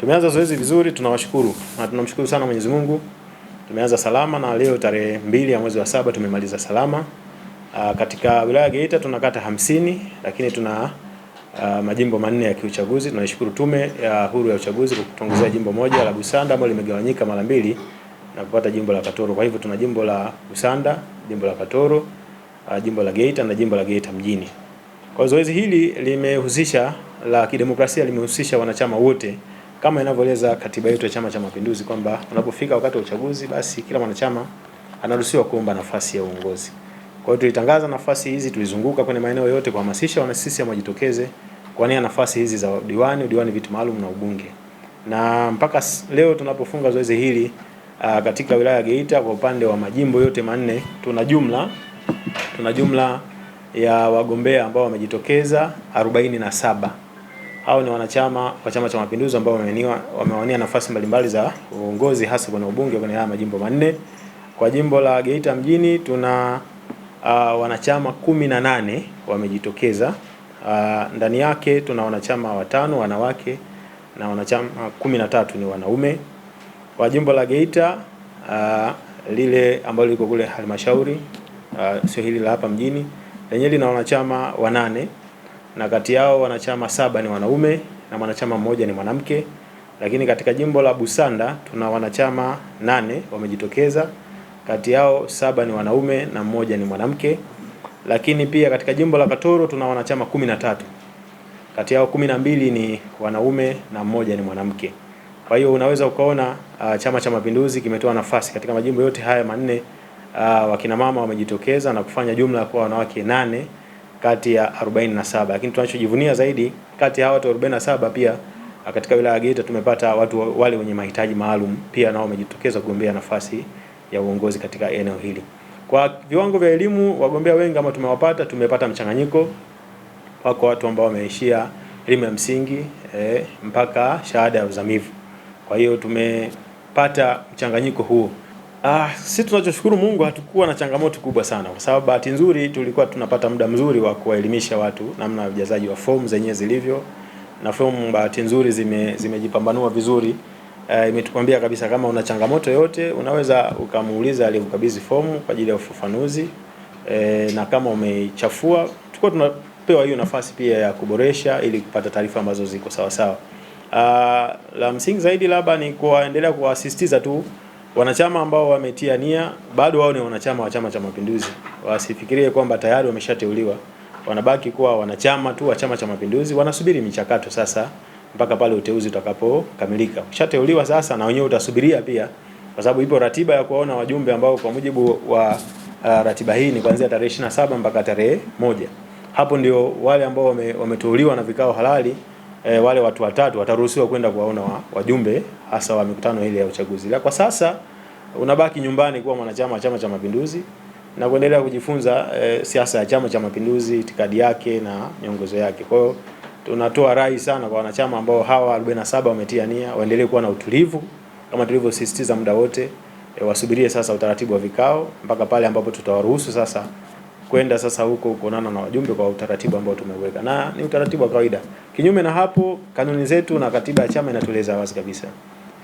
Tumeanza zoezi vizuri, tunawashukuru na tunamshukuru sana Mwenyezi Mungu. Tumeanza salama na leo tarehe mbili ya mwezi wa saba tumemaliza salama. Uh, katika wilaya ya Geita tuna kata hamsini lakini tuna uh, majimbo manne ya kiuchaguzi. Tunashukuru Tume ya Huru ya Uchaguzi kwa kutuongezea jimbo moja la Busanda ambalo limegawanyika mara mbili na kupata jimbo la Katoro. Kwa hivyo tuna jimbo la Busanda, jimbo la Katoro, uh, jimbo la Geita na jimbo la Geita mjini. Kwa zoezi hili limehusisha la kidemokrasia limehusisha wanachama wote kama inavyoeleza katiba yetu ya Chama cha Mapinduzi kwamba unapofika wakati wa uchaguzi, basi kila mwanachama anaruhusiwa kuomba nafasi ya uongozi. Kwa hiyo tulitangaza nafasi hizi, tulizunguka kwenye maeneo yote kuhamasisha wanasisi wajitokeze kuwania nafasi hizi za diwani, diwani viti maalum na ubunge, na mpaka leo tunapofunga zoezi hili uh, katika wilaya ya Geita kwa upande wa majimbo yote manne tuna jumla tuna jumla ya wagombea ambao wamejitokeza 47 au ni wanachama wa Chama cha Mapinduzi ambao wamewania nafasi mbalimbali za uongozi hasa kwenye ubunge kwenye haya majimbo manne. Kwa jimbo la Geita mjini tuna uh, wanachama kumi na nane wamejitokeza. Uh, ndani yake tuna wanachama watano wanawake na wanachama kumi na tatu ni wanaume. Kwa jimbo la Geita uh, lile ambalo liko kule halmashauri uh, sio hili la hapa mjini, lenyewe lina wanachama wanane na kati yao wanachama saba ni wanaume na mwanachama mmoja ni mwanamke. Lakini katika jimbo la Busanda tuna wanachama nane wamejitokeza, kati yao saba ni wanaume na mmoja ni mwanamke. Lakini pia katika jimbo la Katoro tuna wanachama kumi na tatu, kati yao kumi na mbili ni wanaume na mmoja ni mwanamke. Kwa hiyo unaweza ukaona uh, Chama cha Mapinduzi kimetoa nafasi katika majimbo yote haya manne. Uh, wakina mama wamejitokeza na kufanya jumla kuwa wanawake nane kati ya 47, lakini tunachojivunia zaidi kati ya watu 47 pia ah, katika wilaya ya Geita tumepata watu wale wenye mahitaji maalum pia nao wamejitokeza kugombea nafasi ya uongozi katika eneo hili. Kwa viwango vya elimu, wagombea wengi ambao tumewapata, tumepata mchanganyiko. Wako watu ambao wameishia elimu ya msingi eh, mpaka shahada ya uzamivu. Kwa hiyo tumepata mchanganyiko huo. Ah, sisi tunachoshukuru Mungu hatukuwa na changamoto kubwa sana, kwa sababu bahati nzuri tulikuwa tunapata muda mzuri wa kuwaelimisha watu namna ujazaji wa fomu zenyewe zilivyo, na fomu bahati nzuri zime zimejipambanua vizuri. Uh, eh, imetukwambia kabisa kama una changamoto yote unaweza ukamuuliza aliyekukabidhi fomu kwa ajili ya ufafanuzi. E, na kama umeichafua, tulikuwa tunapewa hiyo nafasi pia ya kuboresha ili kupata taarifa ambazo ziko sawa sawa. Uh, la msingi zaidi labda ni kuwaendelea kuwasisitiza tu wanachama ambao wametia nia bado wao ni wanachama wa Chama cha Mapinduzi, wasifikirie kwamba tayari wameshateuliwa. Wanabaki kuwa wanachama tu wa Chama cha Mapinduzi, wanasubiri michakato sasa mpaka pale uteuzi utakapokamilika. Ushateuliwa sasa, na wenyewe utasubiria pia, kwa sababu ipo ratiba ya kuwaona wajumbe ambao kwa mujibu wa uh, ratiba hii ni kuanzia tarehe 27 mpaka tarehe moja. Hapo ndio wale ambao wameteuliwa na vikao halali e, wale watu watatu wataruhusiwa kwenda kuwaona wajumbe hasa wa mikutano ile ya uchaguzi. La kwa sasa unabaki nyumbani kuwa mwanachama wa Chama cha Mapinduzi na kuendelea kujifunza e, siasa ya Chama cha Mapinduzi, itikadi yake na miongozo yake. Kwa hiyo tunatoa rai sana kwa wanachama ambao hawa 47 wametia nia waendelee kuwa na utulivu kama tulivyosisitiza muda wote, e, wasubirie sasa utaratibu wa vikao mpaka pale ambapo tutawaruhusu sasa kwenda sasa huko kuonana na wajumbe kwa utaratibu ambao tumeweka, na ni utaratibu wa kawaida. Kinyume na hapo, kanuni zetu na katiba ya chama inatueleza wazi kabisa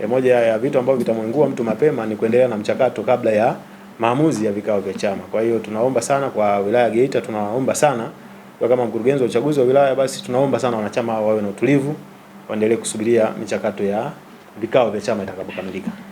e, moja ya vitu ambavyo vitamwengua mtu mapema ni kuendelea na mchakato kabla ya maamuzi ya vikao vya chama. Kwa hiyo tunaomba sana kwa wilaya Geita, tunaomba sana kwa kama mkurugenzi wa uchaguzi wa wilaya, basi tunaomba sana wanachama wawe na utulivu, waendelee kusubiria michakato ya vikao vya chama itakapokamilika.